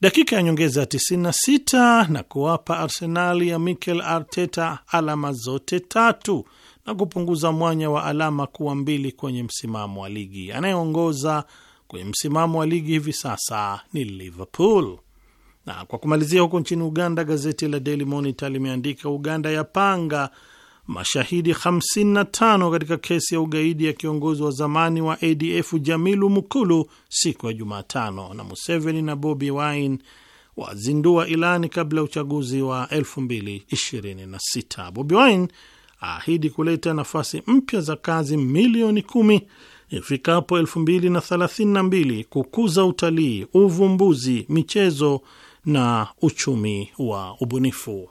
dakika ya nyongeza 96 na kuwapa arsenal ya Mikel Arteta alama zote tatu na kupunguza mwanya wa alama kuwa mbili kwenye msimamo wa ligi. Anayeongoza kwenye msimamo wa ligi hivi sasa ni Liverpool. Na kwa kumalizia, huko nchini Uganda, gazeti la Daily Monitor limeandika Uganda yapanga mashahidi 55 katika kesi ya ugaidi ya kiongozi wa zamani wa ADF Jamilu Mukulu siku ya Jumatano, na Museveni na Bobi Wine wazindua ilani kabla ya uchaguzi wa 2026. Bobi Wine aahidi kuleta nafasi mpya za kazi milioni kumi ifikapo 2032, kukuza utalii, uvumbuzi, michezo na uchumi wa ubunifu.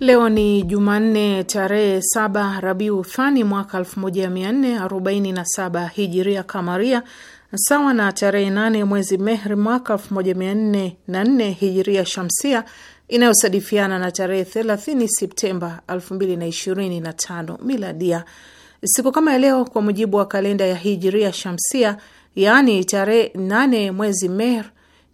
Leo ni Jumanne tarehe saba Rabiu Thani mwaka 1447 Hijiria Kamaria, sawa na tarehe 8 mwezi Mehri mwaka 1404 Hijiria Shamsia, inayosadifiana na tarehe 30 Septemba 2025 Miladia. Siku kama ya leo kwa mujibu wa kalenda ya Hijiria Shamsia, yaani tarehe 8 mwezi Mehr,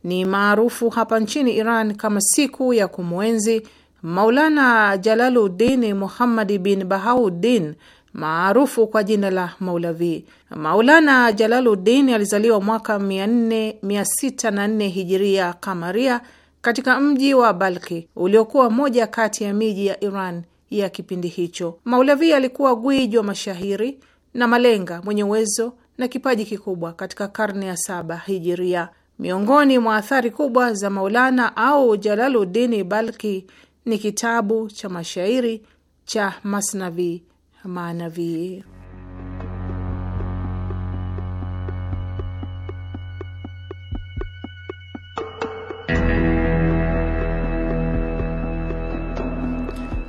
ni maarufu hapa nchini Iran kama siku ya kumwenzi Maulana Jalaludini muhammadi bin Bahauddin maarufu kwa jina la Maulavi. Maulana jalaludin alizaliwa mwaka 464 hijiria kamaria katika mji wa Balki uliokuwa moja kati ya miji ya Iran ya kipindi hicho. Maulavi alikuwa gwiji wa mashahiri na malenga mwenye uwezo na kipaji kikubwa katika karne ya saba hijiria. Miongoni mwa athari kubwa za Maulana au jalaludini Balki ni kitabu cha mashairi cha Masnavi Manavi.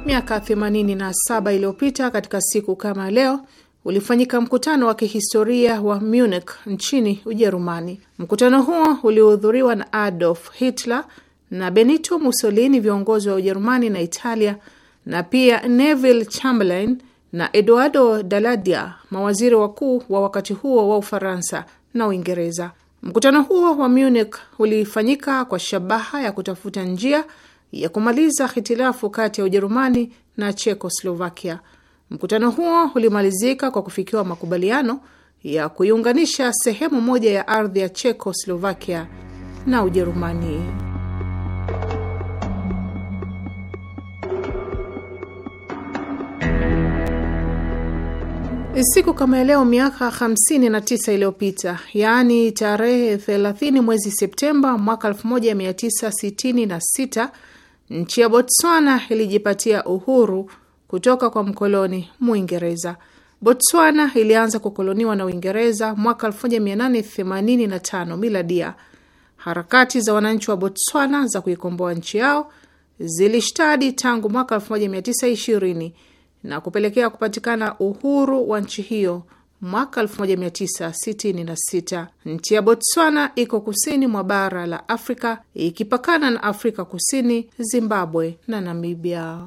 Miaka 87 iliyopita katika siku kama leo ulifanyika mkutano wa kihistoria wa Munich nchini Ujerumani. Mkutano huo ulihudhuriwa na Adolf Hitler na Benito Mussolini, viongozi wa Ujerumani na Italia, na pia Neville Chamberlain na Eduardo Daladia, mawaziri wakuu wa wakati huo wa Ufaransa na Uingereza. Mkutano huo wa Munich ulifanyika kwa shabaha ya kutafuta njia ya kumaliza hitilafu kati ya Ujerumani na Chekoslovakia. Mkutano huo ulimalizika kwa kufikiwa makubaliano ya kuiunganisha sehemu moja ya ardhi ya Chekoslovakia na Ujerumani. E, siku kama leo miaka 59 iliyopita, yaani tarehe 30 mwezi Septemba mwaka 1966, nchi ya Botswana ilijipatia uhuru kutoka kwa mkoloni Mwingereza. Botswana ilianza kukoloniwa na Uingereza mwaka 1885 miladia. Harakati za wananchi wa Botswana za kuikomboa nchi yao zilishtadi tangu mwaka 1920 na kupelekea kupatikana uhuru wa nchi hiyo mwaka 1966. Nchi ya Botswana iko kusini mwa bara la Afrika ikipakana na Afrika Kusini, Zimbabwe na Namibia.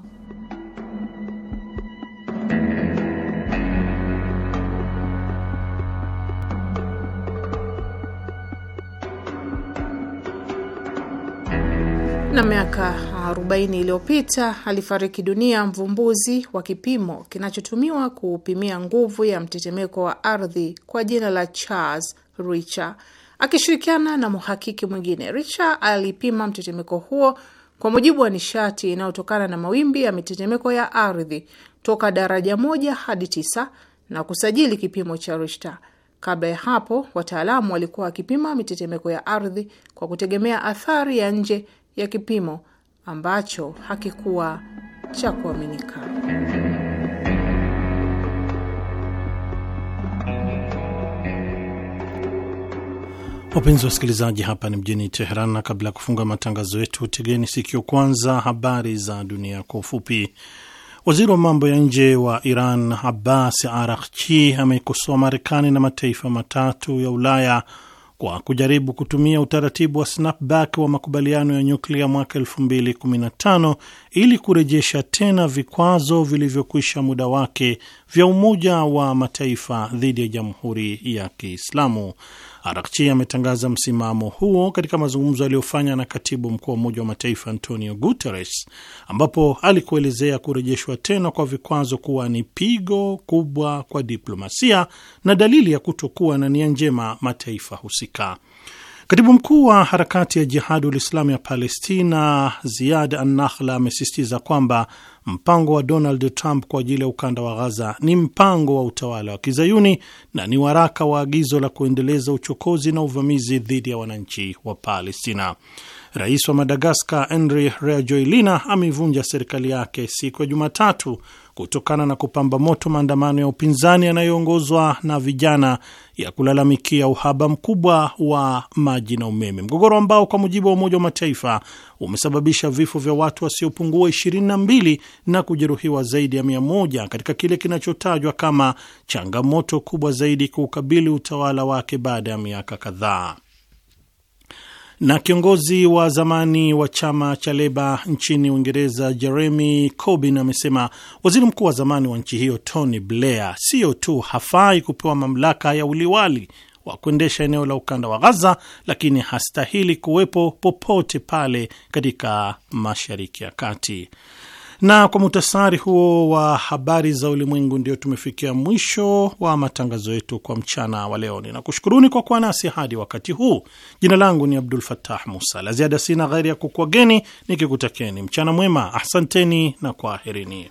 Na miaka 40 iliyopita alifariki dunia mvumbuzi wa kipimo kinachotumiwa kupimia nguvu ya mtetemeko wa ardhi kwa jina la Charles Richter. Akishirikiana na mhakiki mwingine, Richter alipima mtetemeko huo kwa mujibu wa nishati inayotokana na mawimbi ya mitetemeko ya ardhi toka daraja moja hadi tisa na kusajili kipimo cha Richter. Kabla ya hapo, wataalamu walikuwa wakipima mitetemeko ya ardhi kwa kutegemea athari ya nje ya kipimo ambacho hakikuwa cha kuaminika. Wapenzi wa wasikilizaji, hapa ni mjini Teheran, na kabla ya kufunga matangazo yetu, tegeni sikio kwanza habari za dunia kwa ufupi. Waziri wa mambo ya nje wa Iran Abbas arakchi ameikosoa Marekani na mataifa matatu ya Ulaya kwa kujaribu kutumia utaratibu wa snapback wa makubaliano ya nyuklia mwaka 2015 ili kurejesha tena vikwazo vilivyokwisha muda wake vya Umoja wa Mataifa dhidi ya Jamhuri ya Kiislamu. Arakchi ametangaza msimamo huo katika mazungumzo aliyofanya na katibu mkuu wa Umoja wa Mataifa Antonio Guterres, ambapo alikuelezea kurejeshwa tena kwa vikwazo kuwa ni pigo kubwa kwa diplomasia na dalili ya kutokuwa na nia njema mataifa husika. Katibu mkuu wa harakati ya Jihadul Islamu ya Palestina Ziyad Annahla amesisitiza kwamba mpango wa Donald Trump kwa ajili ya ukanda wa Ghaza ni mpango wa utawala wa kizayuni na ni waraka wa agizo la kuendeleza uchokozi na uvamizi dhidi ya wananchi wa Palestina. Rais wa Madagaskar Henry Rajoelina ameivunja serikali yake siku ya Jumatatu kutokana na kupamba moto maandamano ya upinzani yanayoongozwa na vijana ya kulalamikia uhaba mkubwa wa maji na umeme, mgogoro ambao kwa mujibu wa Umoja wa Mataifa umesababisha vifo vya watu wasiopungua 22 na kujeruhiwa zaidi ya 100 katika kile kinachotajwa kama changamoto kubwa zaidi kuukabili utawala wake baada ya miaka kadhaa. Na kiongozi wa zamani wa chama cha Leba nchini Uingereza Jeremy Corbyn amesema waziri mkuu wa zamani wa nchi hiyo Tony Blair siyo tu hafai kupewa mamlaka ya uliwali wa kuendesha eneo la ukanda wa Ghaza, lakini hastahili kuwepo popote pale katika Mashariki ya Kati. Na kwa mutasari huo wa habari za ulimwengu, ndio tumefikia mwisho wa matangazo yetu kwa mchana wa leo. Ninakushukuruni kwa kuwa nasi hadi wakati huu. Jina langu ni Abdul Fattah Musa. La ziada sina ghairi ya kukwageni nikikutakeni mchana mwema. Asanteni na kwaherini.